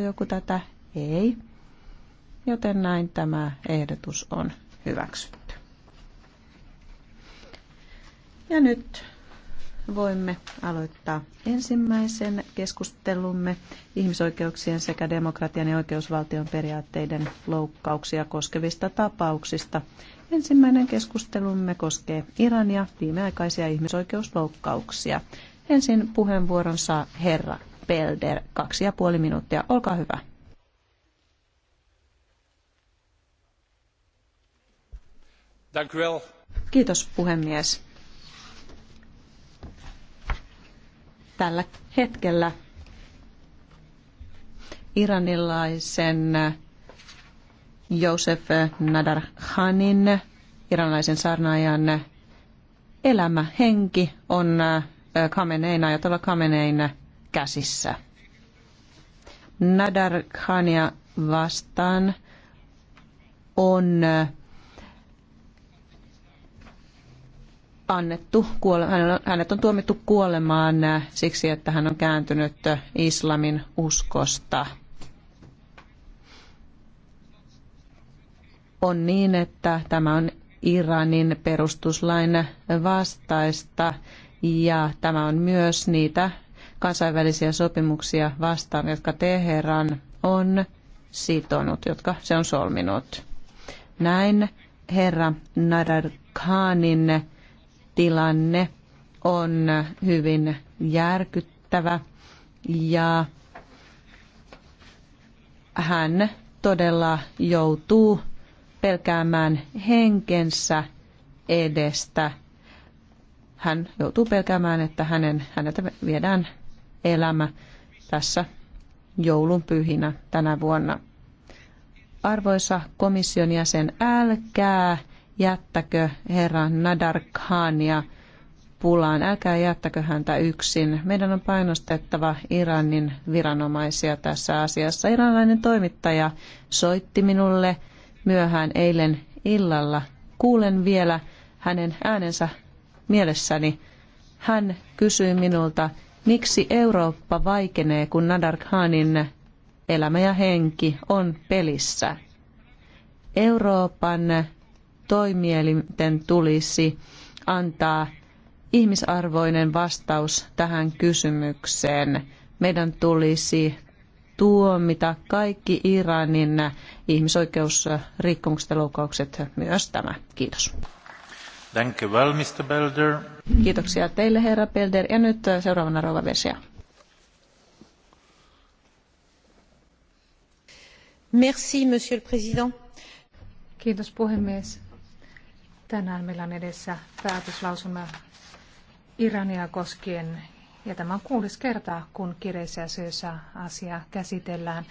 joku tätä? Ei. Joten näin tämä ehdotus on hyväksytty. Ja nyt voimme aloittaa ensimmäisen keskustelumme ihmisoikeuksien sekä demokratian ja oikeusvaltion periaatteiden loukkauksia koskevista tapauksista. Ensimmäinen keskustelumme koskee Irania viimeaikaisia ihmisoikeusloukkauksia. Ensin puheenvuoron saa herra Belder, kaksi ja puoli minuuttia. Olkaa hyvä. Kiitos puhemies. Tällä hetkellä iranilaisen Josef Nadarhanin, iranilaisen sarnaajan elämä, henki on ja ajatolla Kameneina käsissä. Nadar Khania vastaan on äh, annettu, hänet on tuomittu kuolemaan äh, siksi, että hän on kääntynyt äh, islamin uskosta. On niin, että tämä on Iranin perustuslain vastaista ja tämä on myös niitä kansainvälisiä sopimuksia vastaan, jotka Teheran on sitonut, jotka se on solminut. Näin herra Nadar Khanin tilanne on hyvin järkyttävä ja hän todella joutuu pelkäämään henkensä edestä. Hän joutuu pelkäämään, että hänen, häneltä viedään elämä tässä joulun pyhinä tänä vuonna. Arvoisa komission jäsen, älkää jättäkö herra Nadar Khania pulaan. Älkää jättäkö häntä yksin. Meidän on painostettava Iranin viranomaisia tässä asiassa. iranlainen toimittaja soitti minulle myöhään eilen illalla. Kuulen vielä hänen äänensä mielessäni. Hän kysyi minulta, Miksi Eurooppa vaikenee, kun Nadar Khanin elämä ja henki on pelissä? Euroopan toimielinten tulisi antaa ihmisarvoinen vastaus tähän kysymykseen. Meidän tulisi tuomita kaikki Iranin ihmisoikeusrikkomukset ja loukkaukset myös tämä. Kiitos. Danke well, Mr. Belder. Kiitoksia teille, herra Belder. Ja nyt äh, seuraavana rouva Vesia. Merci, monsieur le président. Kiitos puhemies. Tänään meillä on edessä päätöslausuma Irania koskien, ja tämä on kuudes kerta, kun kiireisiä asia käsitellään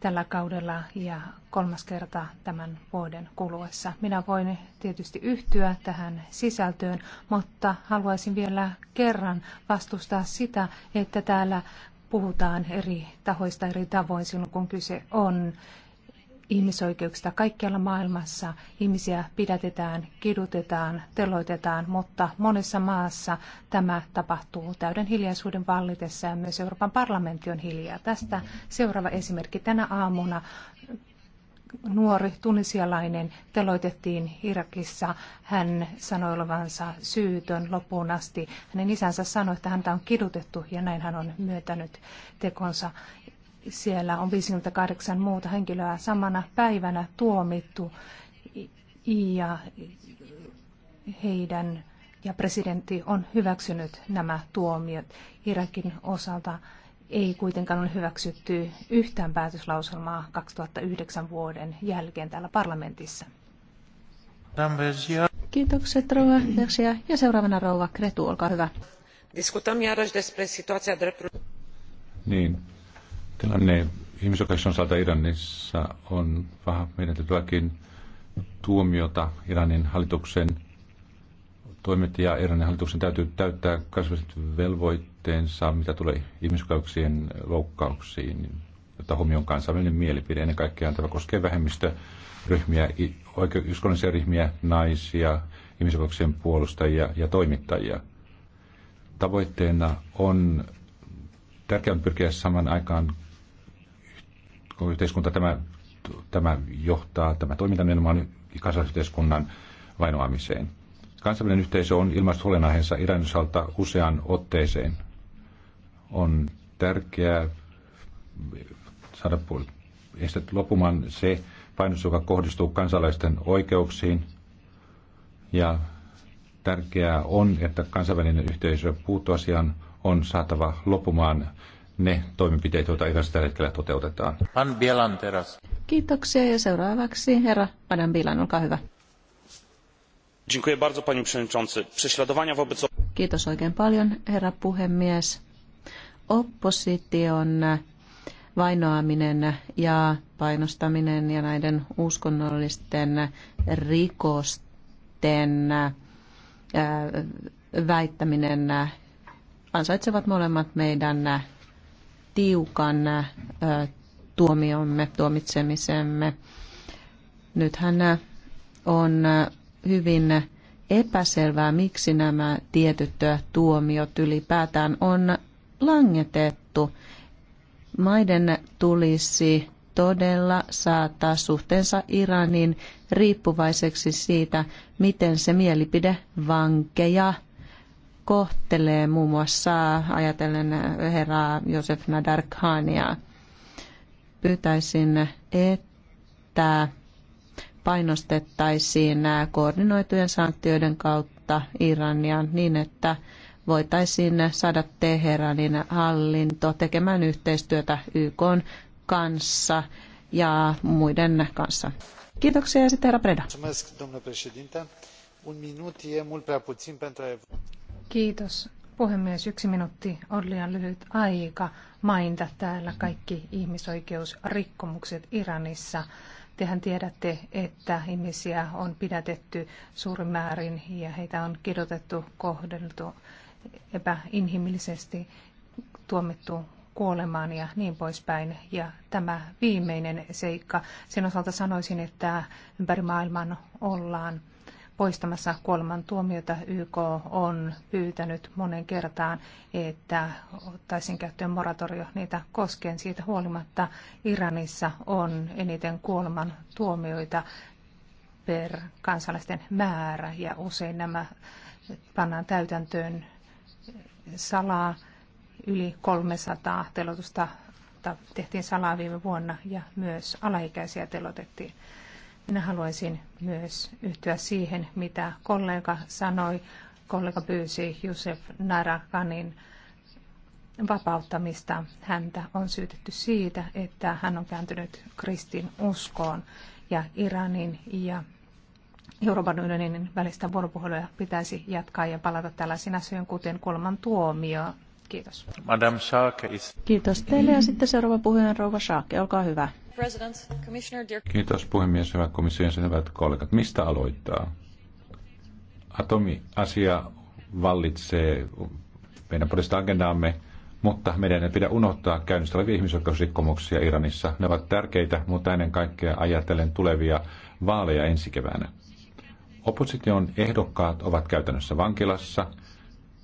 tällä kaudella ja kolmas kerta tämän vuoden kuluessa. Minä voin tietysti yhtyä tähän sisältöön, mutta haluaisin vielä kerran vastustaa sitä, että täällä puhutaan eri tahoista eri tavoin silloin, kun kyse on ihmisoikeuksista kaikkialla maailmassa. Ihmisiä pidätetään, kidutetaan, teloitetaan, mutta monessa maassa tämä tapahtuu täyden hiljaisuuden vallitessa ja myös Euroopan parlamentti on hiljaa. Tästä seuraava esimerkki. Tänä aamuna nuori tunisialainen teloitettiin Irakissa. Hän sanoi olevansa syytön loppuun asti. Hänen isänsä sanoi, että häntä on kidutettu ja näin hän on myötänyt tekonsa siellä on 58 muuta henkilöä samana päivänä tuomittu ja heidän ja presidentti on hyväksynyt nämä tuomiot. Irakin osalta ei kuitenkaan ole hyväksytty yhtään päätöslauselmaa 2009 vuoden jälkeen täällä parlamentissa. Kiitokset rouva Versia. Ja seuraavana rouva Kretu, olkaa hyvä. Diskutamme Niin, Tilanne ihmisoikeuksien osalta Iranissa on vähän menetettyäkin tuomiota Iranin hallituksen toimet ja Iranin hallituksen täytyy täyttää kansainväliset velvoitteensa, mitä tulee ihmisoikeuksien loukkauksiin, jotta huomioon kansainvälinen mielipide. Ennen kaikkea tämä koskee vähemmistöryhmiä, uskonnollisia ryhmiä, naisia, ihmisoikeuksien puolustajia ja toimittajia. Tavoitteena on tärkeää pyrkiä saman aikaan yhteiskunta tämä, tämä johtaa, tämä toiminta nimenomaan kansalaisyhteiskunnan vainoamiseen. Kansainvälinen yhteisö on ilmaistu huolenaiheensa Iranin osalta useaan otteeseen. On tärkeää saada estet lopumaan se painos, joka kohdistuu kansalaisten oikeuksiin. Ja tärkeää on, että kansainvälinen yhteisö puuttuu asiaan on saatava lopumaan ne toimenpiteet, joita Iranissa tällä hetkellä toteutetaan. Pan Bielan teräs. Kiitoksia ja seuraavaksi herra Pan Bielan, olkaa hyvä. Kiitos oikein paljon, herra puhemies. Opposition vainoaminen ja painostaminen ja näiden uskonnollisten rikosten äh, väittäminen ansaitsevat molemmat meidän tiukan tuomiomme, tuomitsemisemme. Nythän on hyvin epäselvää, miksi nämä tietyt tuomiot ylipäätään on langetettu. Maiden tulisi todella saattaa suhteensa Iranin riippuvaiseksi siitä, miten se mielipide vankeja kohtelee muun muassa ajatellen herraa Josef Nadarkhania. Pyytäisin, että painostettaisiin koordinoitujen sanktioiden kautta Irania niin, että voitaisiin saada Teheranin hallinto tekemään yhteistyötä YK kanssa ja muiden kanssa. Kiitoksia ja sitten herra Preda. Kiitos puhemies. Yksi minuutti on liian lyhyt aika mainita täällä kaikki ihmisoikeusrikkomukset Iranissa. Tehän tiedätte, että ihmisiä on pidätetty suurin määrin ja heitä on kidotettu, kohdeltu epäinhimillisesti, tuomittu kuolemaan ja niin poispäin. Ja tämä viimeinen seikka, sen osalta sanoisin, että ympäri maailman ollaan poistamassa kuolemantuomiota. YK on pyytänyt monen kertaan, että ottaisin käyttöön moratorio niitä koskien. Siitä huolimatta Iranissa on eniten kuolemantuomioita tuomioita per kansalaisten määrä ja usein nämä pannaan täytäntöön salaa yli 300 telotusta tehtiin salaa viime vuonna ja myös alaikäisiä telotettiin. Minä haluaisin myös yhtyä siihen, mitä kollega sanoi. Kollega pyysi Josef Narakanin vapauttamista. Häntä on syytetty siitä, että hän on kääntynyt kristin uskoon ja Iranin ja Euroopan unionin välistä vuoropuhelua pitäisi jatkaa ja palata tällaisiin asioihin, kuten kuoleman tuomio. Kiitos. Madame Schake is... Kiitos teille ja sitten seuraava puhujan rouva Schake, olkaa hyvä. Kiitos puhemies, hyvät komission hyvät kollegat. Mistä aloittaa? Atomiasia vallitsee meidän poliittista agendaamme, mutta meidän ei pidä unohtaa käynnissä olevia ihmisoikeusrikkomuksia Iranissa. Ne ovat tärkeitä, mutta ennen kaikkea ajatellen tulevia vaaleja ensi keväänä. Opposition ehdokkaat ovat käytännössä vankilassa.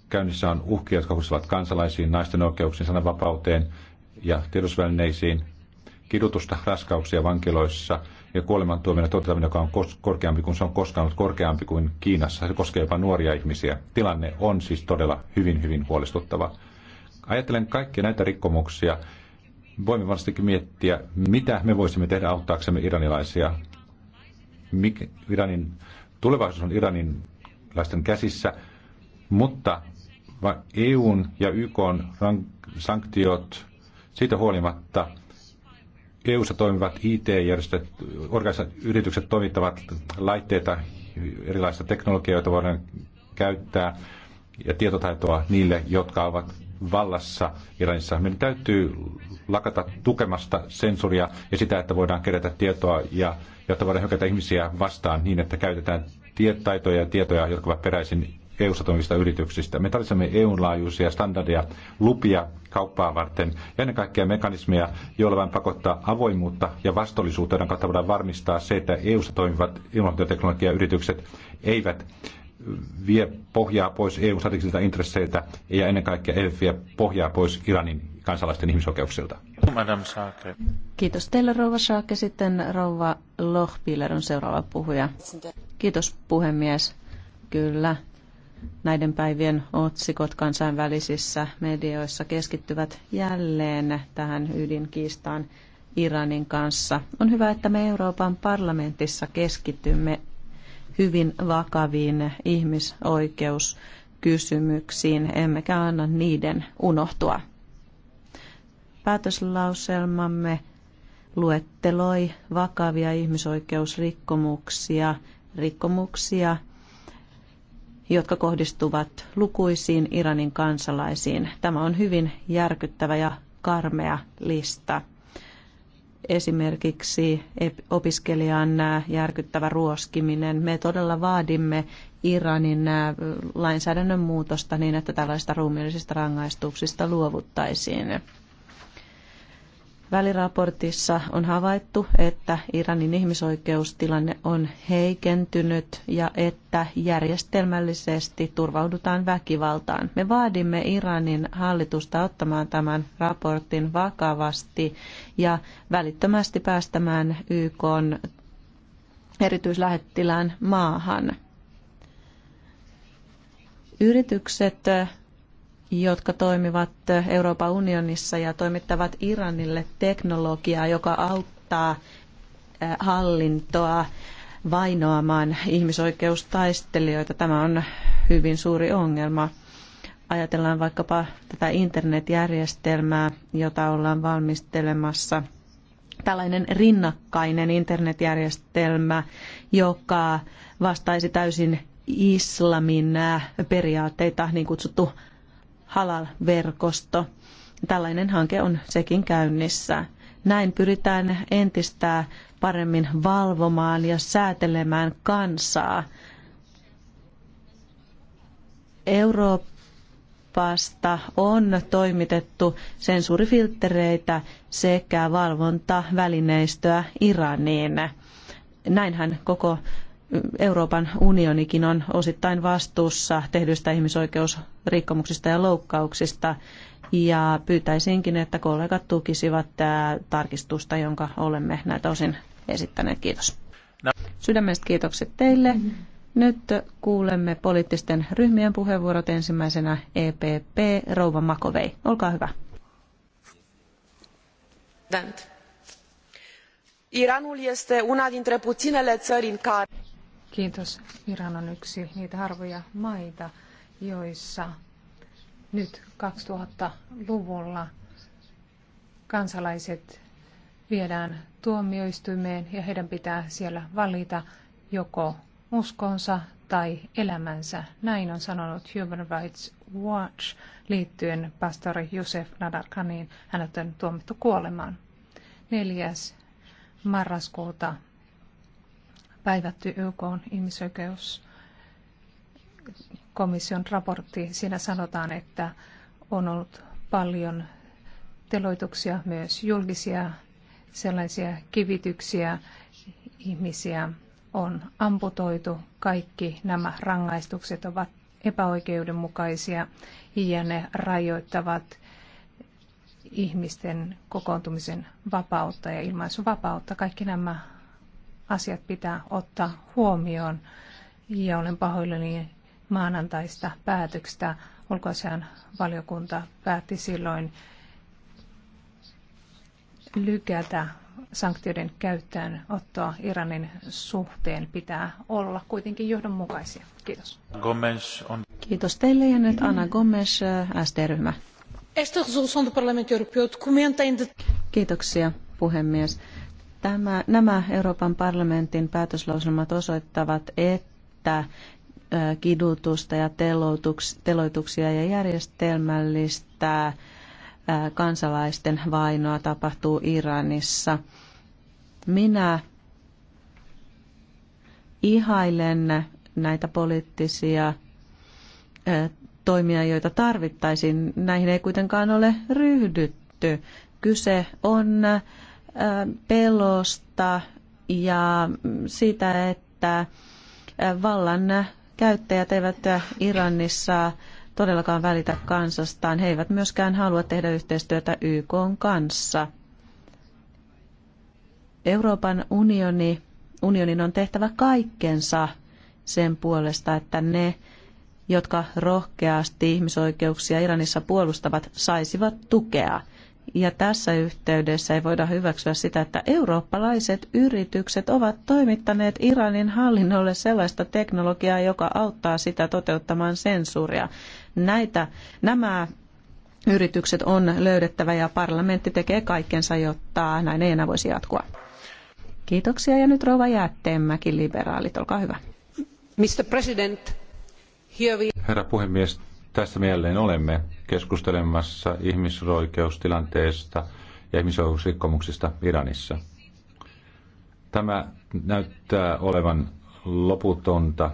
Käynnissä on uhkia, jotka kohdistuvat kansalaisiin, naisten oikeuksiin, sananvapauteen ja tiedotusvälineisiin kidutusta, raskauksia vankiloissa ja kuolemantuominen toteuttaminen, joka on korkeampi kuin se on koskaan ollut korkeampi kuin Kiinassa. Se koskee jopa nuoria ihmisiä. Tilanne on siis todella hyvin, hyvin huolestuttava. Ajattelen kaikkia näitä rikkomuksia. Voimme varmastikin miettiä, mitä me voisimme tehdä auttaaksemme iranilaisia. Mik, Iranin, tulevaisuus on iranilaisten käsissä, mutta EUn ja YK sanktiot siitä huolimatta – EU-ssa toimivat IT-järjestöt, yritykset toimittavat laitteita, erilaista teknologiaa, joita voidaan käyttää, ja tietotaitoa niille, jotka ovat vallassa Iranissa. Meidän täytyy lakata tukemasta sensuria ja sitä, että voidaan kerätä tietoa ja jotta voidaan hyökätä ihmisiä vastaan niin, että käytetään tietaitoja ja tietoja, jotka ovat peräisin EU-ssa toimivista yrityksistä. Me tarvitsemme EUn laajuisia standardeja, lupia kauppaa varten ja ennen kaikkea mekanismeja, joilla vain pakottaa avoimuutta ja vastuullisuutta, joiden kautta voidaan varmistaa se, että EU-ssa toimivat ilmastoteknologiayritykset eivät vie pohjaa pois eu strategisilta intresseiltä ja ennen kaikkea eivät vie pohjaa pois Iranin kansalaisten ihmisoikeuksilta. Kiitos teille rouva Saake. Sitten rouva Lohpiller on seuraava puhuja. Kiitos puhemies. Kyllä, näiden päivien otsikot kansainvälisissä medioissa keskittyvät jälleen tähän ydinkiistaan Iranin kanssa. On hyvä, että me Euroopan parlamentissa keskitymme hyvin vakaviin ihmisoikeuskysymyksiin, emmekä anna niiden unohtua. Päätöslauselmamme luetteloi vakavia ihmisoikeusrikkomuksia, rikkomuksia, jotka kohdistuvat lukuisiin Iranin kansalaisiin. Tämä on hyvin järkyttävä ja karmea lista. Esimerkiksi opiskelijan järkyttävä ruoskiminen. Me todella vaadimme Iranin lainsäädännön muutosta niin, että tällaista ruumiillisista rangaistuksista luovuttaisiin. Väliraportissa on havaittu, että Iranin ihmisoikeustilanne on heikentynyt ja että järjestelmällisesti turvaudutaan väkivaltaan. Me vaadimme Iranin hallitusta ottamaan tämän raportin vakavasti ja välittömästi päästämään YK erityislähettilään maahan. Yritykset jotka toimivat Euroopan unionissa ja toimittavat Iranille teknologiaa, joka auttaa eh, hallintoa vainoamaan ihmisoikeustaistelijoita. Tämä on hyvin suuri ongelma. Ajatellaan vaikkapa tätä internetjärjestelmää, jota ollaan valmistelemassa. Tällainen rinnakkainen internetjärjestelmä, joka vastaisi täysin islamin eh, periaatteita, niin kutsuttu halal-verkosto. Tällainen hanke on sekin käynnissä. Näin pyritään entistä paremmin valvomaan ja säätelemään kansaa. Euroopasta on toimitettu sensuurifilttereitä sekä valvontavälineistöä Iraniin. Näinhän koko Euroopan unionikin on osittain vastuussa tehdyistä ihmisoikeusrikkomuksista ja loukkauksista. Ja pyytäisinkin, että kollegat tukisivat tarkistusta, jonka olemme näitä osin esittäneet. Kiitos. Sydämestä kiitokset teille. Mm-hmm. Nyt kuulemme poliittisten ryhmien puheenvuorot ensimmäisenä EPP Rouva Makovei. Olkaa hyvä. Iranul este una dintre puținele țări în care Kiitos. Iran on yksi niitä harvoja maita, joissa nyt 2000-luvulla kansalaiset viedään tuomioistuimeen ja heidän pitää siellä valita joko uskonsa tai elämänsä. Näin on sanonut Human Rights Watch liittyen pastori Josef Nadarkaniin. Hänet on tuomittu kuolemaan. 4. marraskuuta päivätty YK on ihmisoikeuskomission raportti. Siinä sanotaan, että on ollut paljon teloituksia, myös julkisia sellaisia kivityksiä, ihmisiä on amputoitu. Kaikki nämä rangaistukset ovat epäoikeudenmukaisia ja ne rajoittavat ihmisten kokoontumisen vapautta ja ilmaisuvapautta. Kaikki nämä asiat pitää ottaa huomioon. Ja olen pahoillani maanantaista päätöksestä. Ulkoasian valiokunta päätti silloin lykätä sanktioiden käyttöönottoa Iranin suhteen pitää olla kuitenkin johdonmukaisia. Kiitos. Gomes on... Kiitos teille ja nyt Anna Gomes, SD-ryhmä. Kiitoksia, puhemies. Tämä, nämä Euroopan parlamentin päätöslauselmat osoittavat, että kidutusta ja teloituksia ja järjestelmällistä kansalaisten vainoa tapahtuu Iranissa. Minä ihailen näitä poliittisia toimia, joita tarvittaisiin. Näihin ei kuitenkaan ole ryhdytty. Kyse on pelosta ja siitä, että vallan käyttäjät eivät Iranissa todellakaan välitä kansastaan. He eivät myöskään halua tehdä yhteistyötä YK kanssa. Euroopan unioni, unionin on tehtävä kaikkensa sen puolesta, että ne, jotka rohkeasti ihmisoikeuksia Iranissa puolustavat, saisivat tukea – ja tässä yhteydessä ei voida hyväksyä sitä, että eurooppalaiset yritykset ovat toimittaneet Iranin hallinnolle sellaista teknologiaa, joka auttaa sitä toteuttamaan sensuuria. Näitä, nämä yritykset on löydettävä ja parlamentti tekee kaikkensa, jotta näin ei enää voisi jatkua. Kiitoksia ja nyt rouva Jäätteenmäki, liberaalit, olkaa hyvä. Mr. President, here we... Herra puhemies, tässä me jälleen olemme keskustelemassa ihmisoikeustilanteesta ja ihmisoikeusrikkomuksista Iranissa. Tämä näyttää olevan loputonta.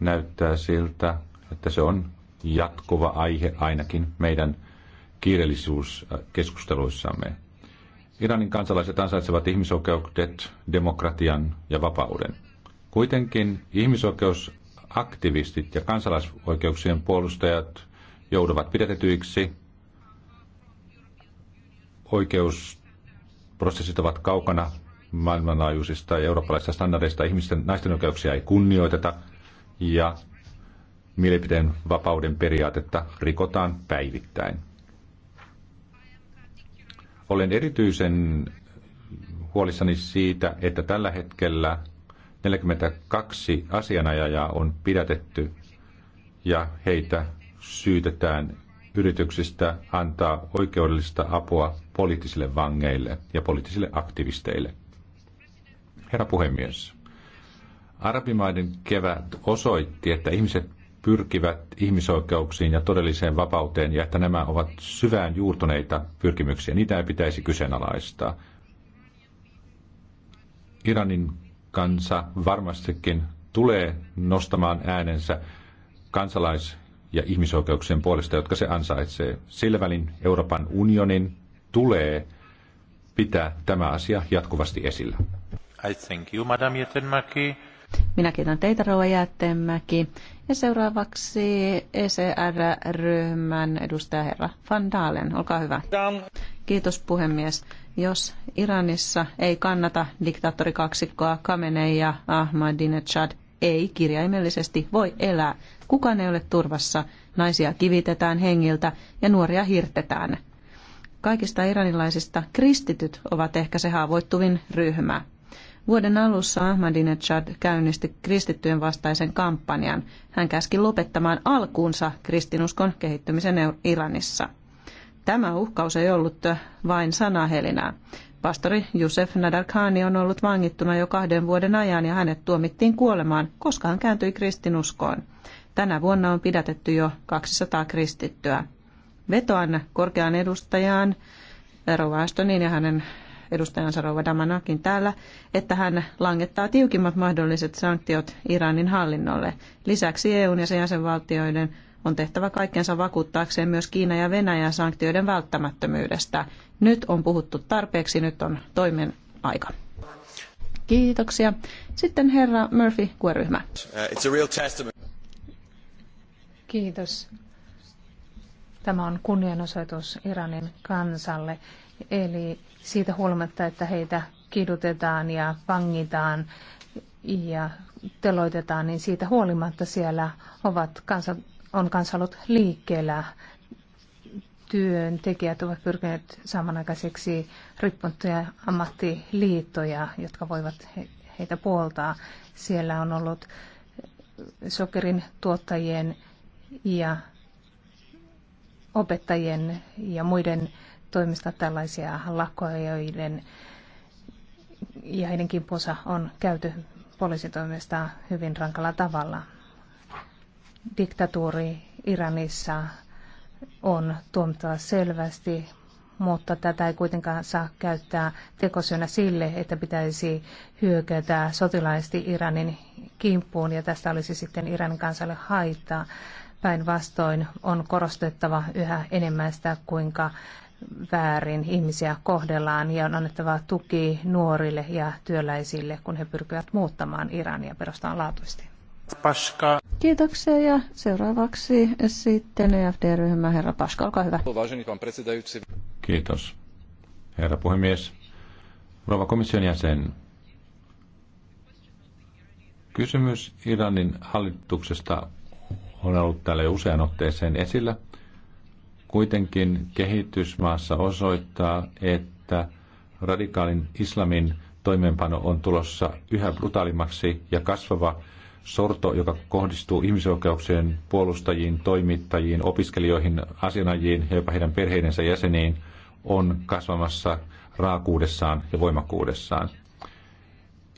Näyttää siltä, että se on jatkuva aihe ainakin meidän kiireellisyyskeskusteluissamme. Iranin kansalaiset ansaitsevat ihmisoikeudet, demokratian ja vapauden. Kuitenkin ihmisoikeus aktivistit ja kansalaisoikeuksien puolustajat joutuvat pidätetyiksi. Oikeusprosessit ovat kaukana maailmanlaajuisista ja eurooppalaisista standardeista. Ihmisten naisten oikeuksia ei kunnioiteta ja mielipiteen vapauden periaatetta rikotaan päivittäin. Olen erityisen huolissani siitä, että tällä hetkellä 42 asianajajaa on pidätetty ja heitä syytetään yrityksistä antaa oikeudellista apua poliittisille vangeille ja poliittisille aktivisteille. Herra puhemies, arabimaiden kevät osoitti, että ihmiset pyrkivät ihmisoikeuksiin ja todelliseen vapauteen ja että nämä ovat syvään juurtuneita pyrkimyksiä. Niitä ei pitäisi kyseenalaistaa. Iranin kansa varmastikin tulee nostamaan äänensä kansalais- ja ihmisoikeuksien puolesta, jotka se ansaitsee. Sillä välin Euroopan unionin tulee pitää tämä asia jatkuvasti esillä. I thank you, Madam Jätenmäki. Minä kiitän teitä, Rouva Jättenmäki. Ja seuraavaksi ECR-ryhmän edustaja herra Van Dalen. Olkaa hyvä. Kiitos puhemies. Jos Iranissa ei kannata diktaattorikaksikkoa Kamenei ja Ahmadinejad, ei kirjaimellisesti voi elää. Kukaan ei ole turvassa. Naisia kivitetään hengiltä ja nuoria hirtetään. Kaikista iranilaisista kristityt ovat ehkä se haavoittuvin ryhmä. Vuoden alussa Ahmadinejad käynnisti kristittyjen vastaisen kampanjan. Hän käski lopettamaan alkuunsa kristinuskon kehittymisen Iranissa. Tämä uhkaus ei ollut vain sanahelinää. Pastori Josef Nadarkhani on ollut vangittuna jo kahden vuoden ajan ja hänet tuomittiin kuolemaan, koska hän kääntyi kristinuskoon. Tänä vuonna on pidätetty jo 200 kristittyä. Vetoan korkeaan edustajaan Rova Astonin ja hänen edustajansa Rova Damanakin täällä, että hän langettaa tiukimmat mahdolliset sanktiot Iranin hallinnolle. Lisäksi EUn ja sen jäsenvaltioiden on tehtävä kaikkensa vakuuttaakseen myös Kiina ja Venäjä sanktioiden välttämättömyydestä. Nyt on puhuttu tarpeeksi, nyt on toimen aika. Kiitoksia. Sitten herra Murphy, kueryhmä. Uh, Kiitos. Tämä on kunnianosoitus Iranin kansalle. Eli siitä huolimatta, että heitä kidutetaan ja vangitaan ja teloitetaan, niin siitä huolimatta siellä ovat kansan on kanssa ollut liikkeellä. Työntekijät ovat pyrkineet samanaikaiseksi riippumattomia ammattiliittoja, jotka voivat heitä puoltaa. Siellä on ollut sokerin tuottajien ja opettajien ja muiden toimista tällaisia lakkoja, joiden ja heidän kimppunsa on käyty poliisitoimesta hyvin rankalla tavalla diktatuuri Iranissa on tuomittava selvästi, mutta tätä ei kuitenkaan saa käyttää tekosyönä sille, että pitäisi hyökätä sotilaisesti Iranin kimppuun ja tästä olisi sitten Iranin kansalle haittaa. Päinvastoin on korostettava yhä enemmän sitä, kuinka väärin ihmisiä kohdellaan ja on annettava tuki nuorille ja työläisille, kun he pyrkivät muuttamaan Irania perustaanlaatuisesti. Paska. Kiitoksia ja seuraavaksi sitten EFD-ryhmä herra Paska, olkaa hyvä. Kiitos. Herra puhemies, rouva komission jäsen. Kysymys Iranin hallituksesta on ollut täällä jo usean otteeseen esillä. Kuitenkin kehitysmaassa osoittaa, että radikaalin islamin toimeenpano on tulossa yhä brutaalimmaksi ja kasvava sorto, joka kohdistuu ihmisoikeuksien puolustajiin, toimittajiin, opiskelijoihin, asianajiin ja jopa heidän perheidensä jäseniin, on kasvamassa raakuudessaan ja voimakkuudessaan.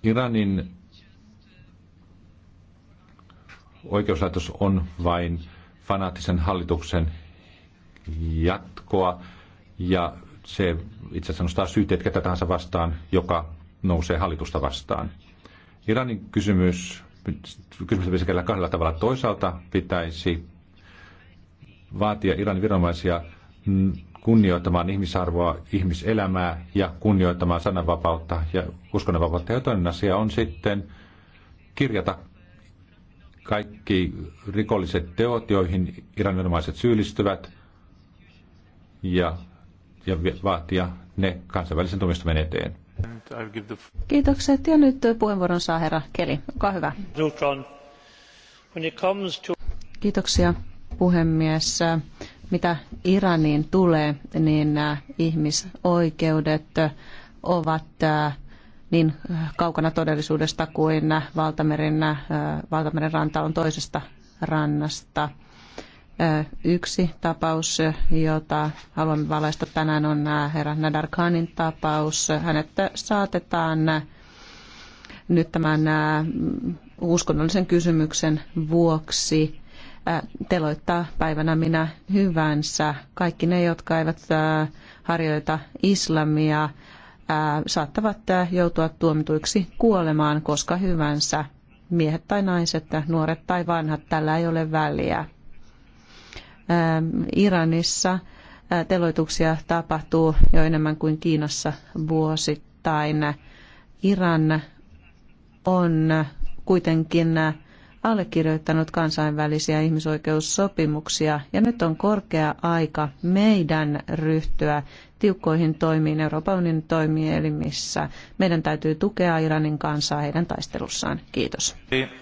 Iranin oikeuslaitos on vain fanaattisen hallituksen jatkoa ja se itse asiassa nostaa syytteet ketä tahansa vastaan, joka nousee hallitusta vastaan. Iranin kysymys kysymys pitäisi käydä kahdella tavalla. Toisaalta pitäisi vaatia Iranin viranomaisia kunnioittamaan ihmisarvoa, ihmiselämää ja kunnioittamaan sananvapautta ja uskonnonvapautta. Ja toinen asia on sitten kirjata kaikki rikolliset teot, joihin iranilaiset syyllistyvät, ja, ja vaatia ne kansainvälisen tuomioistuimen eteen. Kiitokset ja nyt puheenvuoron saa herra Keli. Olkaa hyvä. Kiitoksia puhemies. Mitä Iraniin tulee, niin nämä äh, ihmisoikeudet ovat äh, niin kaukana todellisuudesta kuin äh, Valtameren, Valtameren ranta on toisesta rannasta. Yksi tapaus, jota haluamme valaista tänään, on herra Nadarkanin tapaus. Hänet saatetaan nyt tämän uskonnollisen kysymyksen vuoksi teloittaa päivänä minä hyvänsä. Kaikki ne, jotka eivät harjoita islamia, saattavat joutua tuomituiksi kuolemaan koska hyvänsä. Miehet tai naiset, nuoret tai vanhat, tällä ei ole väliä. Ähm, Iranissa äh, teloituksia tapahtuu jo enemmän kuin Kiinassa vuosittain. Iran on kuitenkin äh, allekirjoittanut kansainvälisiä ihmisoikeussopimuksia ja nyt on korkea aika meidän ryhtyä tiukkoihin toimiin Euroopan unionin toimielimissä. Meidän täytyy tukea Iranin kansaa heidän taistelussaan. Kiitos. Kiitos.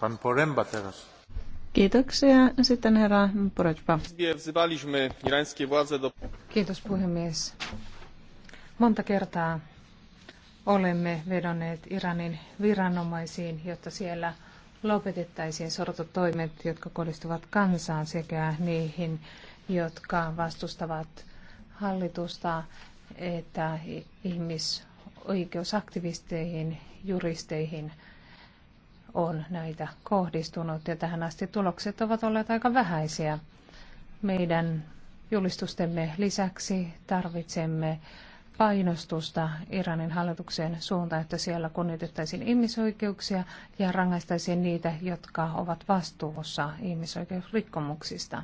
Pan Poręba Kiitoksia. Sitten herra Poretpa. Wzywaliśmy irańskie władze do... Kiitos puhemies. Monta kertaa olemme vedonneet Iranin viranomaisiin, jotta siellä lopetettaisiin sortotoimet, jotka kohdistuvat kansaan sekä niihin, jotka vastustavat hallitusta että ihmisoikeusaktivisteihin, juristeihin – on näitä kohdistunut ja tähän asti tulokset ovat olleet aika vähäisiä. Meidän julistustemme lisäksi tarvitsemme painostusta Iranin hallituksen suuntaan, että siellä kunnioitettaisiin ihmisoikeuksia ja rangaistaisiin niitä, jotka ovat vastuussa ihmisoikeusrikkomuksista.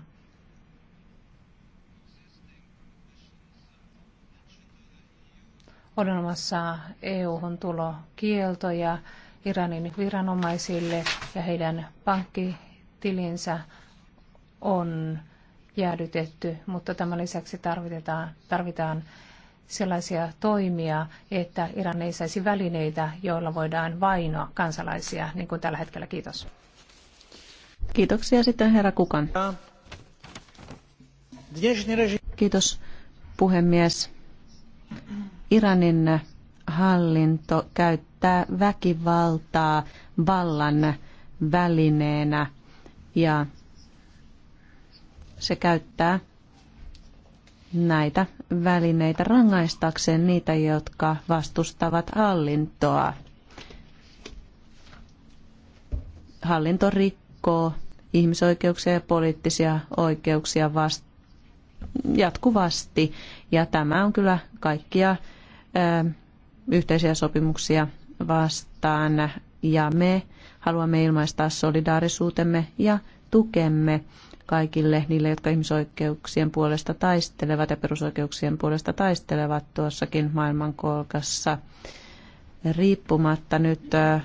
On olemassa EU-hun tulokieltoja Iranin viranomaisille ja heidän pankkitilinsä on jäädytetty, mutta tämän lisäksi tarvitaan, tarvitaan sellaisia toimia, että Iran ei saisi välineitä, joilla voidaan vainoa kansalaisia, niin kuin tällä hetkellä. Kiitos. Kiitoksia sitten herra Kukan. Kiitos puhemies. Iranin hallinto käyttää käyttää väkivaltaa vallan välineenä ja se käyttää näitä välineitä rangaistakseen niitä, jotka vastustavat hallintoa. Hallinto rikkoo ihmisoikeuksia ja poliittisia oikeuksia vast- jatkuvasti, ja tämä on kyllä kaikkia ö, yhteisiä sopimuksia vastaan ja me haluamme ilmaistaa solidaarisuutemme ja tukemme kaikille niille, jotka ihmisoikeuksien puolesta taistelevat ja perusoikeuksien puolesta taistelevat tuossakin maailmankolkassa. Riippumatta nyt ö,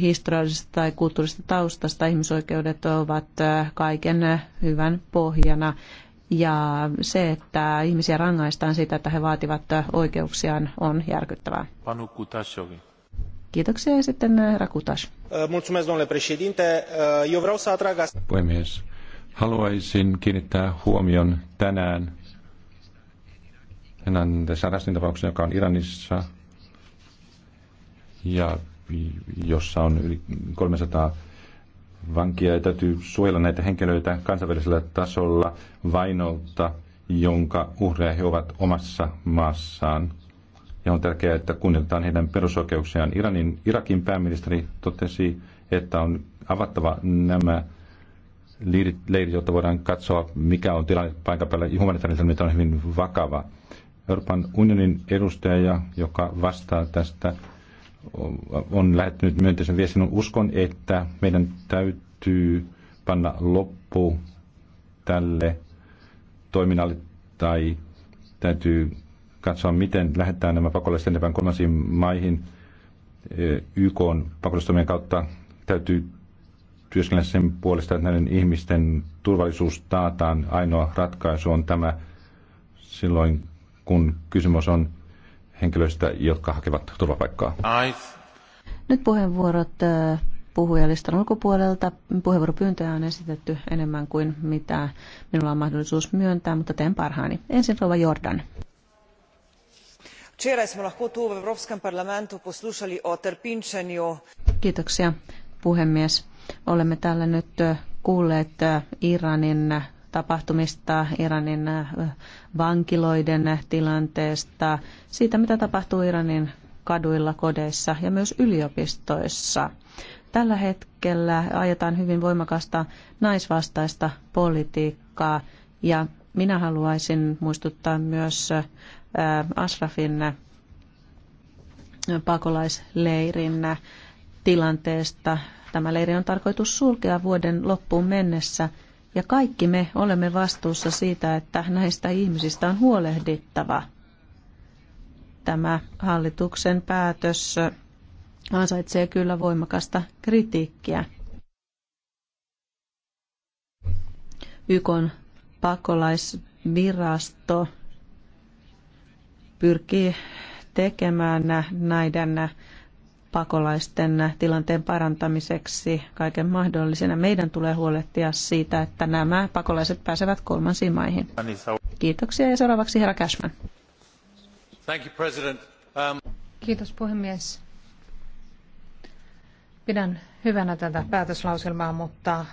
historiallisesta tai kulttuurisesta taustasta ihmisoikeudet ovat kaiken hyvän pohjana. Ja se, että ihmisiä rangaistaan siitä, että he vaativat oikeuksiaan, on järkyttävää. Panu Kiitoksia ja sitten eh, Rakutas. Mulțumesc, domnule președinte. Eu vreau să atrag... Puhemies, haluaisin kiinnittää huomion tänään Hernandez Arastin tapauksen, joka on Iranissa ja jossa on yli 300 vankia ja täytyy suojella näitä henkilöitä kansainvälisellä tasolla vainolta, jonka uhreja he ovat omassa maassaan. Ja on tärkeää, että kunnioitetaan heidän perusoikeuksiaan. Iranin, Irakin pääministeri totesi, että on avattava nämä leirit, leirit jotta voidaan katsoa, mikä on tilanne paikan päällä. Humanitaarinen tilanne on hyvin vakava. Euroopan unionin edustaja, joka vastaa tästä on lähettänyt myönteisen viestin. Uskon, että meidän täytyy panna loppu tälle toiminnalle tai täytyy katsoa, miten lähettää nämä pakolaiset enemmän kolmansiin maihin YK pakolaistoimien kautta. Täytyy työskennellä sen puolesta, että näiden ihmisten turvallisuus taataan. Ainoa ratkaisu on tämä silloin, kun kysymys on henkilöistä, jotka hakevat turvapaikkaa. Nyt puheenvuorot äh, puhujalistan ulkopuolelta. Puheenvuoropyyntöjä on esitetty enemmän kuin mitä minulla on mahdollisuus myöntää, mutta teen parhaani. Ensin Rova Jordan. Kiitoksia puhemies. Olemme täällä nyt äh, kuulleet äh, Iranin tapahtumista, Iranin vankiloiden tilanteesta, siitä mitä tapahtuu Iranin kaduilla, kodeissa ja myös yliopistoissa. Tällä hetkellä ajetaan hyvin voimakasta naisvastaista politiikkaa ja minä haluaisin muistuttaa myös Asrafin pakolaisleirin tilanteesta. Tämä leiri on tarkoitus sulkea vuoden loppuun mennessä ja kaikki me olemme vastuussa siitä, että näistä ihmisistä on huolehdittava. Tämä hallituksen päätös ansaitsee kyllä voimakasta kritiikkiä. YK pakolaisvirasto pyrkii tekemään näiden pakolaisten tilanteen parantamiseksi kaiken mahdollisena. Meidän tulee huolehtia siitä, että nämä pakolaiset pääsevät kolmansiin maihin. Kiitoksia ja seuraavaksi herra Cashman. Um, Kiitos puhemies. Pidän hyvänä tätä päätöslauselmaa, mutta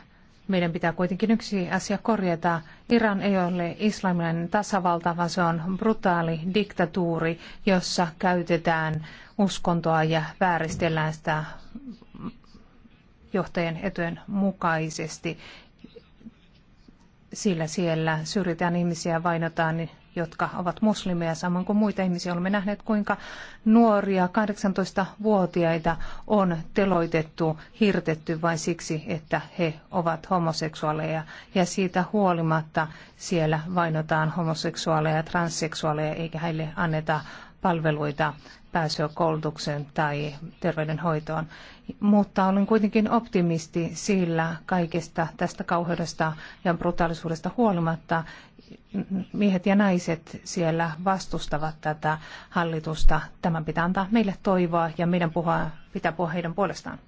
meidän pitää kuitenkin yksi asia korjata. Iran ei ole islamilainen tasavalta, vaan se on brutaali diktatuuri, jossa käytetään uskontoa ja vääristellään sitä johtajien etujen mukaisesti sillä siellä syrjitään ihmisiä, vainotaan, niin, jotka ovat muslimeja, samoin kuin muita ihmisiä. Olemme nähneet, kuinka nuoria 18-vuotiaita on teloitettu, hirtetty vain siksi, että he ovat homoseksuaaleja. Ja siitä huolimatta siellä vainotaan homoseksuaaleja ja transseksuaaleja, eikä heille anneta palveluita pääsyä koulutukseen tai terveydenhoitoon. Mutta olen kuitenkin optimisti, sillä kaikesta tästä kauheudesta ja brutaalisuudesta huolimatta miehet ja naiset siellä vastustavat tätä hallitusta. Tämän pitää antaa meille toivoa ja meidän puhua, pitää puhua heidän puolestaan.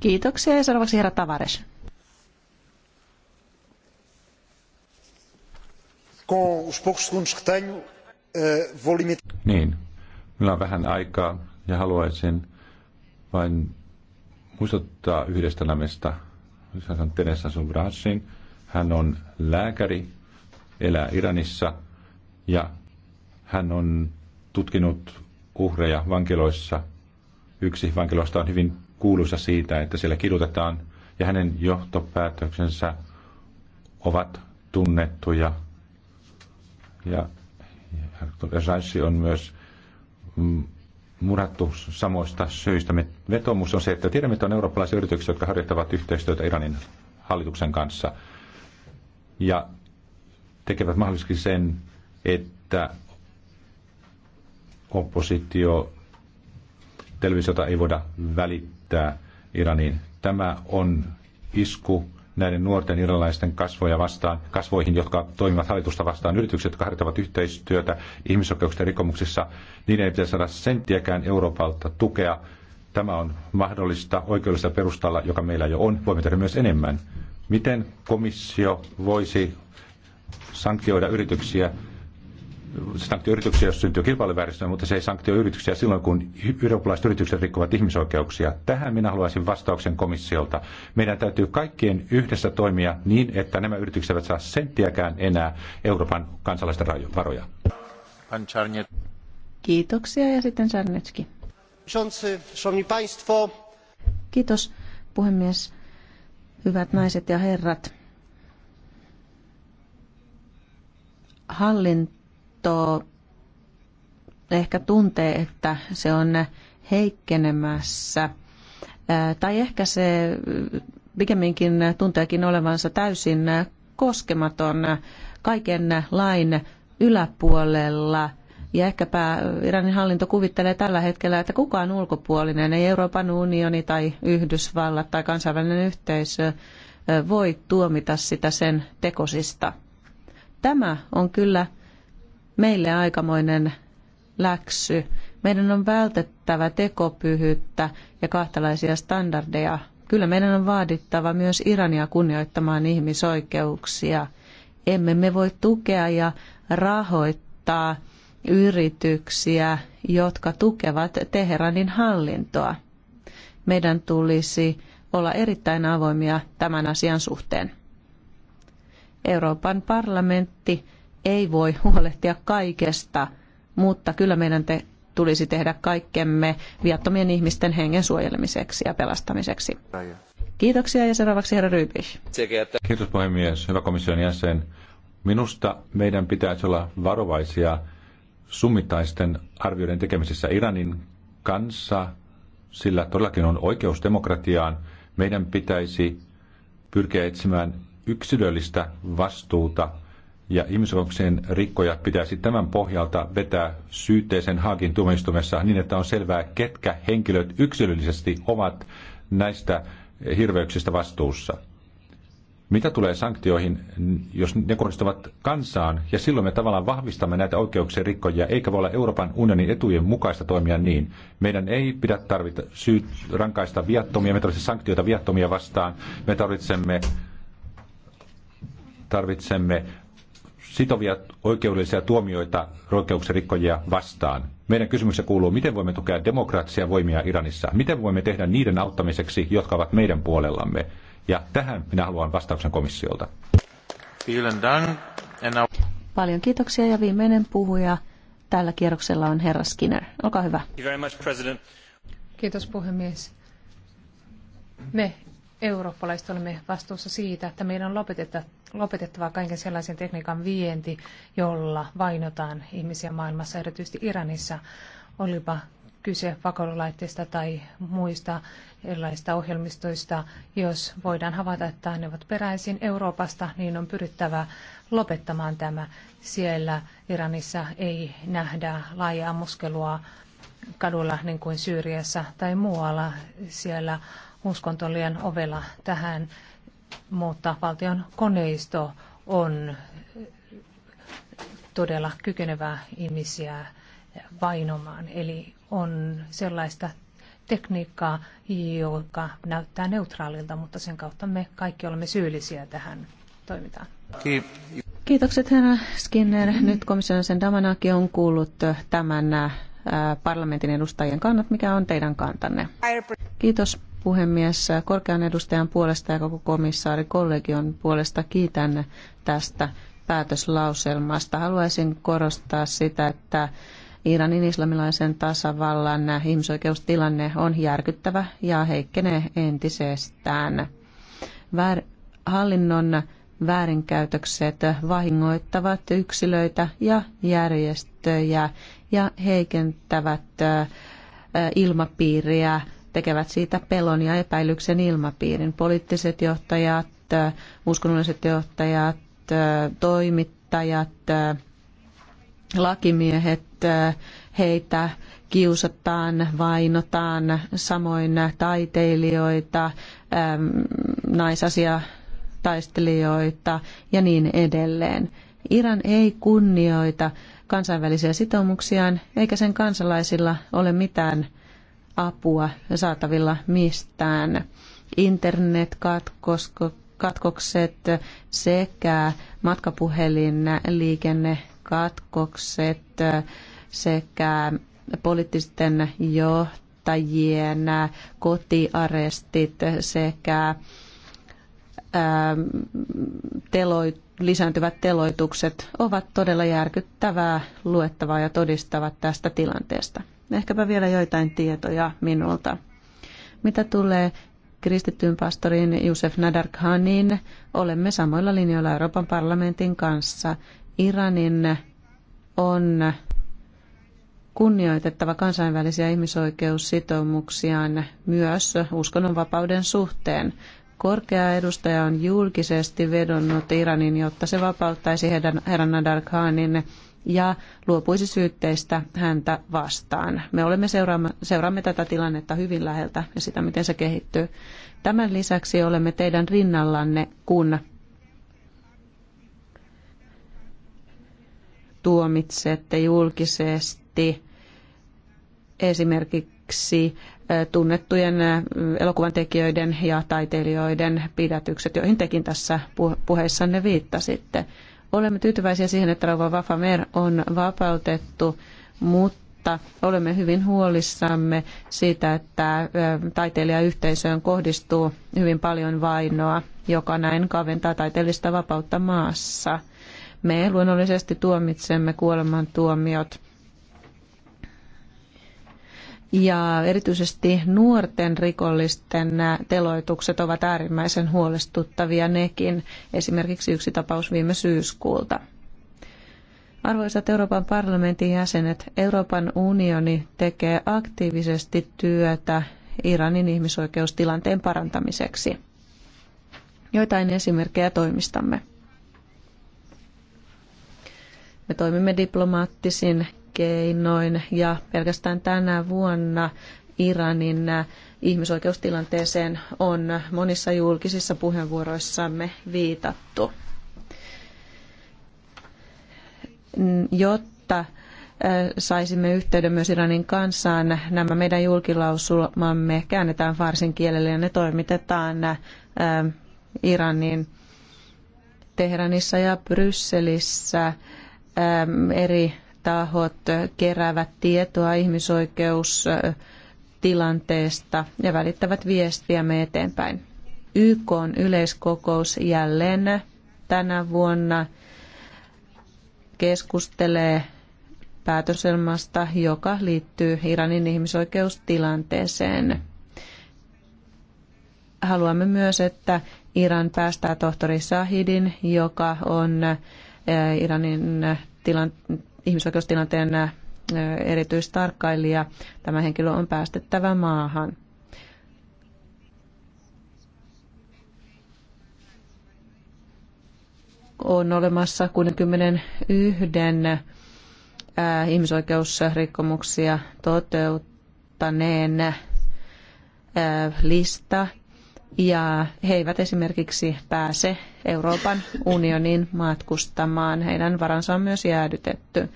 Kiitoksia ja seuraavaksi herra Tavares. Eh, niin, Minulla on vähän aikaa ja haluaisin vain muistuttaa yhdestä lämmestä. Hän on Teresa Subrasin. Hän on lääkäri, elää Iranissa ja hän on tutkinut uhreja vankiloissa. Yksi vankiloista on hyvin kuuluisa siitä, että siellä kidutetaan ja hänen johtopäätöksensä ovat tunnettuja. Ja Raisi on myös murattu samoista syistä. Me vetomus on se, että tiedämme, että on eurooppalaisia yrityksiä, jotka harjoittavat yhteistyötä Iranin hallituksen kanssa ja tekevät mahdollisesti sen, että oppositio televisiota ei voida välittää Iraniin. Tämä on isku näiden nuorten irlannilaisten kasvoja vastaan, kasvoihin, jotka toimivat hallitusta vastaan. Yritykset, jotka harjoittavat yhteistyötä ihmisoikeuksien rikkomuksissa, niin ei pitäisi saada senttiäkään Euroopalta tukea. Tämä on mahdollista oikeudellisella perustalla, joka meillä jo on. Voimme tehdä myös enemmän. Miten komissio voisi sanktioida yrityksiä, sanktioyrityksiä, jos syntyy kilpailuvääristymä, mutta se ei sanktioi yrityksiä silloin, kun eurooppalaiset yritykset rikkovat ihmisoikeuksia. Tähän minä haluaisin vastauksen komissiolta. Meidän täytyy kaikkien yhdessä toimia niin, että nämä yritykset eivät saa senttiäkään enää Euroopan kansalaisten varoja. Kiitoksia ja sitten Sarnetski. Kiitos puhemies. Hyvät naiset ja herrat. Hallinto tahtoo ehkä tuntee, että se on heikkenemässä. Tai ehkä se pikemminkin tunteekin olevansa täysin koskematon kaiken lain yläpuolella. Ja ehkäpä Iranin hallinto kuvittelee tällä hetkellä, että kukaan ulkopuolinen, ei Euroopan unioni tai Yhdysvallat tai kansainvälinen yhteisö voi tuomita sitä sen tekosista. Tämä on kyllä meille aikamoinen läksy. Meidän on vältettävä tekopyhyyttä ja kahtalaisia standardeja. Kyllä meidän on vaadittava myös Irania kunnioittamaan ihmisoikeuksia. Emme me voi tukea ja rahoittaa yrityksiä, jotka tukevat Teheranin hallintoa. Meidän tulisi olla erittäin avoimia tämän asian suhteen. Euroopan parlamentti ei voi huolehtia kaikesta, mutta kyllä meidän te tulisi tehdä kaikkemme viattomien ihmisten hengen suojelemiseksi ja pelastamiseksi. Kiitoksia ja seuraavaksi herra Rybich. Kiitos puhemies, hyvä komission jäsen. Minusta meidän pitäisi olla varovaisia summittaisten arvioiden tekemisessä Iranin kanssa, sillä todellakin on oikeus demokratiaan. Meidän pitäisi pyrkiä etsimään yksilöllistä vastuuta ja ihmisoikeuksien rikkojat pitäisi tämän pohjalta vetää syytteeseen Haagin tuomioistuimessa niin, että on selvää, ketkä henkilöt yksilöllisesti ovat näistä hirveyksistä vastuussa. Mitä tulee sanktioihin, jos ne kohdistuvat kansaan, ja silloin me tavallaan vahvistamme näitä oikeuksien rikkojia, eikä voi olla Euroopan unionin etujen mukaista toimia niin. Meidän ei pidä tarvita syyt rankaista viattomia, me tarvitsemme sanktioita viattomia vastaan, me tarvitsemme tarvitsemme sitovia oikeudellisia tuomioita oikeuksien rikkojia vastaan. Meidän kysymyksemme kuuluu, miten voimme tukea demokraattisia voimia Iranissa? Miten voimme tehdä niiden auttamiseksi, jotka ovat meidän puolellamme? Ja tähän minä haluan vastauksen komissiolta. Paljon kiitoksia ja viimeinen puhuja tällä kierroksella on herra Skinner. Olkaa hyvä. Kiitos puhemies. Me eurooppalaiset olemme vastuussa siitä, että meidän on lopetettava lopetettava kaiken sellaisen tekniikan vienti, jolla vainotaan ihmisiä maailmassa, erityisesti Iranissa. Olipa kyse vakoilulaitteista tai muista erilaisista ohjelmistoista. Jos voidaan havaita, että ne ovat peräisin Euroopasta, niin on pyrittävä lopettamaan tämä. Siellä Iranissa ei nähdä laajaa muskelua kadulla niin kuin Syyriassa tai muualla. Siellä uskontolien ovella tähän mutta valtion koneisto on todella kykenevää ihmisiä vainomaan. Eli on sellaista tekniikkaa, joka näyttää neutraalilta, mutta sen kautta me kaikki olemme syyllisiä tähän toimintaan. Kiitokset herra Skinner. Nyt komission sen Damanaki on kuullut tämän parlamentin edustajien kannat. Mikä on teidän kantanne? Kiitos puhemies. Korkean edustajan puolesta ja koko komissaari kollegion puolesta kiitän tästä päätöslauselmasta. Haluaisin korostaa sitä, että Iranin islamilaisen tasavallan ihmisoikeustilanne on järkyttävä ja heikkenee entisestään. Väär, hallinnon väärinkäytökset vahingoittavat yksilöitä ja järjestöjä ja heikentävät ilmapiiriä, tekevät siitä pelon ja epäilyksen ilmapiirin. Poliittiset johtajat, uskonnolliset johtajat, toimittajat, lakimiehet, heitä kiusataan, vainotaan, samoin taiteilijoita, naisasia taistelijoita ja niin edelleen. Iran ei kunnioita kansainvälisiä sitoumuksiaan, eikä sen kansalaisilla ole mitään apua saatavilla mistään. Internetkatkokset sekä matkapuhelin liikennekatkokset sekä poliittisten johtajien kotiarestit sekä Ähm, teloit, lisääntyvät teloitukset ovat todella järkyttävää luettavaa ja todistavat tästä tilanteesta. Ehkäpä vielä joitain tietoja minulta. Mitä tulee kristittyyn pastoriin Josef Nadarkhaniin, olemme samoilla linjoilla Euroopan parlamentin kanssa. Iranin on kunnioitettava kansainvälisiä ihmisoikeussitoumuksiaan myös uskonnonvapauden suhteen. Korkea edustaja on julkisesti vedonnut Iranin, jotta se vapauttaisi herran Nadar Khanin ja luopuisi syytteistä häntä vastaan. Me olemme seuraamme, seuraamme tätä tilannetta hyvin läheltä ja sitä, miten se kehittyy. Tämän lisäksi olemme teidän rinnallanne, kun tuomitsette julkisesti esimerkiksi esimerkiksi tunnettujen elokuvantekijöiden ja taiteilijoiden pidätykset, joihin tekin tässä puheessanne viittasitte. Olemme tyytyväisiä siihen, että Rauva Vafamer on vapautettu, mutta olemme hyvin huolissamme siitä, että taiteilijayhteisöön kohdistuu hyvin paljon vainoa, joka näin kaventaa taiteellista vapautta maassa. Me luonnollisesti tuomitsemme kuolemantuomiot ja erityisesti nuorten rikollisten teloitukset ovat äärimmäisen huolestuttavia nekin, esimerkiksi yksi tapaus viime syyskuulta. Arvoisat Euroopan parlamentin jäsenet, Euroopan unioni tekee aktiivisesti työtä Iranin ihmisoikeustilanteen parantamiseksi. Joitain esimerkkejä toimistamme. Me toimimme diplomaattisin keinoin ja pelkästään tänä vuonna Iranin ihmisoikeustilanteeseen on monissa julkisissa puheenvuoroissamme viitattu. Jotta saisimme yhteyden myös Iranin kansaan, nämä meidän julkilausumamme käännetään farsin kielelle ja ne toimitetaan Iranin Teheranissa ja Brysselissä eri tahot keräävät tietoa ihmisoikeustilanteesta ja välittävät viestiämme eteenpäin. YK on yleiskokous jälleen tänä vuonna keskustelee päätöselmasta, joka liittyy Iranin ihmisoikeustilanteeseen. Haluamme myös, että Iran päästää tohtori Sahidin, joka on eh, Iranin tilanteen ihmisoikeustilanteen erityistarkkailija. Tämä henkilö on päästettävä maahan. On olemassa 61 ihmisoikeusrikkomuksia toteuttaneen lista ja he eivät esimerkiksi pääse Euroopan unionin matkustamaan. Heidän varansa on myös jäädytetty.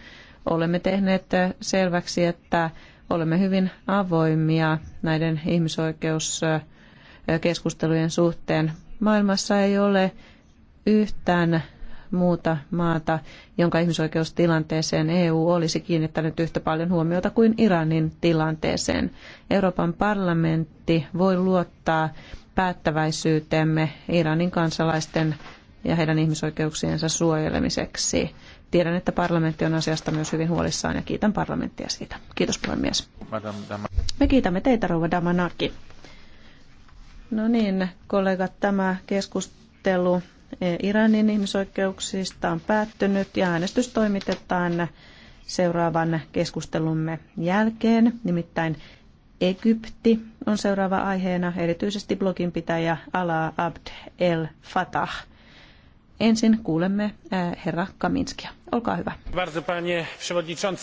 Olemme tehneet selväksi, että olemme hyvin avoimia näiden ihmisoikeuskeskustelujen suhteen. Maailmassa ei ole yhtään muuta maata, jonka ihmisoikeustilanteeseen EU olisi kiinnittänyt yhtä paljon huomiota kuin Iranin tilanteeseen. Euroopan parlamentti voi luottaa päättäväisyytemme Iranin kansalaisten ja heidän ihmisoikeuksiensa suojelemiseksi. Tiedän, että parlamentti on asiasta myös hyvin huolissaan ja kiitän parlamenttia siitä. Kiitos puhemies. Me kiitämme teitä, rouva Damanaki. No niin, kollegat, tämä keskustelu e, Iranin ihmisoikeuksista on päättynyt ja äänestys toimitetaan seuraavan keskustelumme jälkeen, nimittäin Egypti on seuraava aiheena, erityisesti blogin pitäjä Ala Abd el Fatah. Ensin kuulemme äh, herra Kaminskia. Olkaa hyvä. Bardzo panie przewodniczący.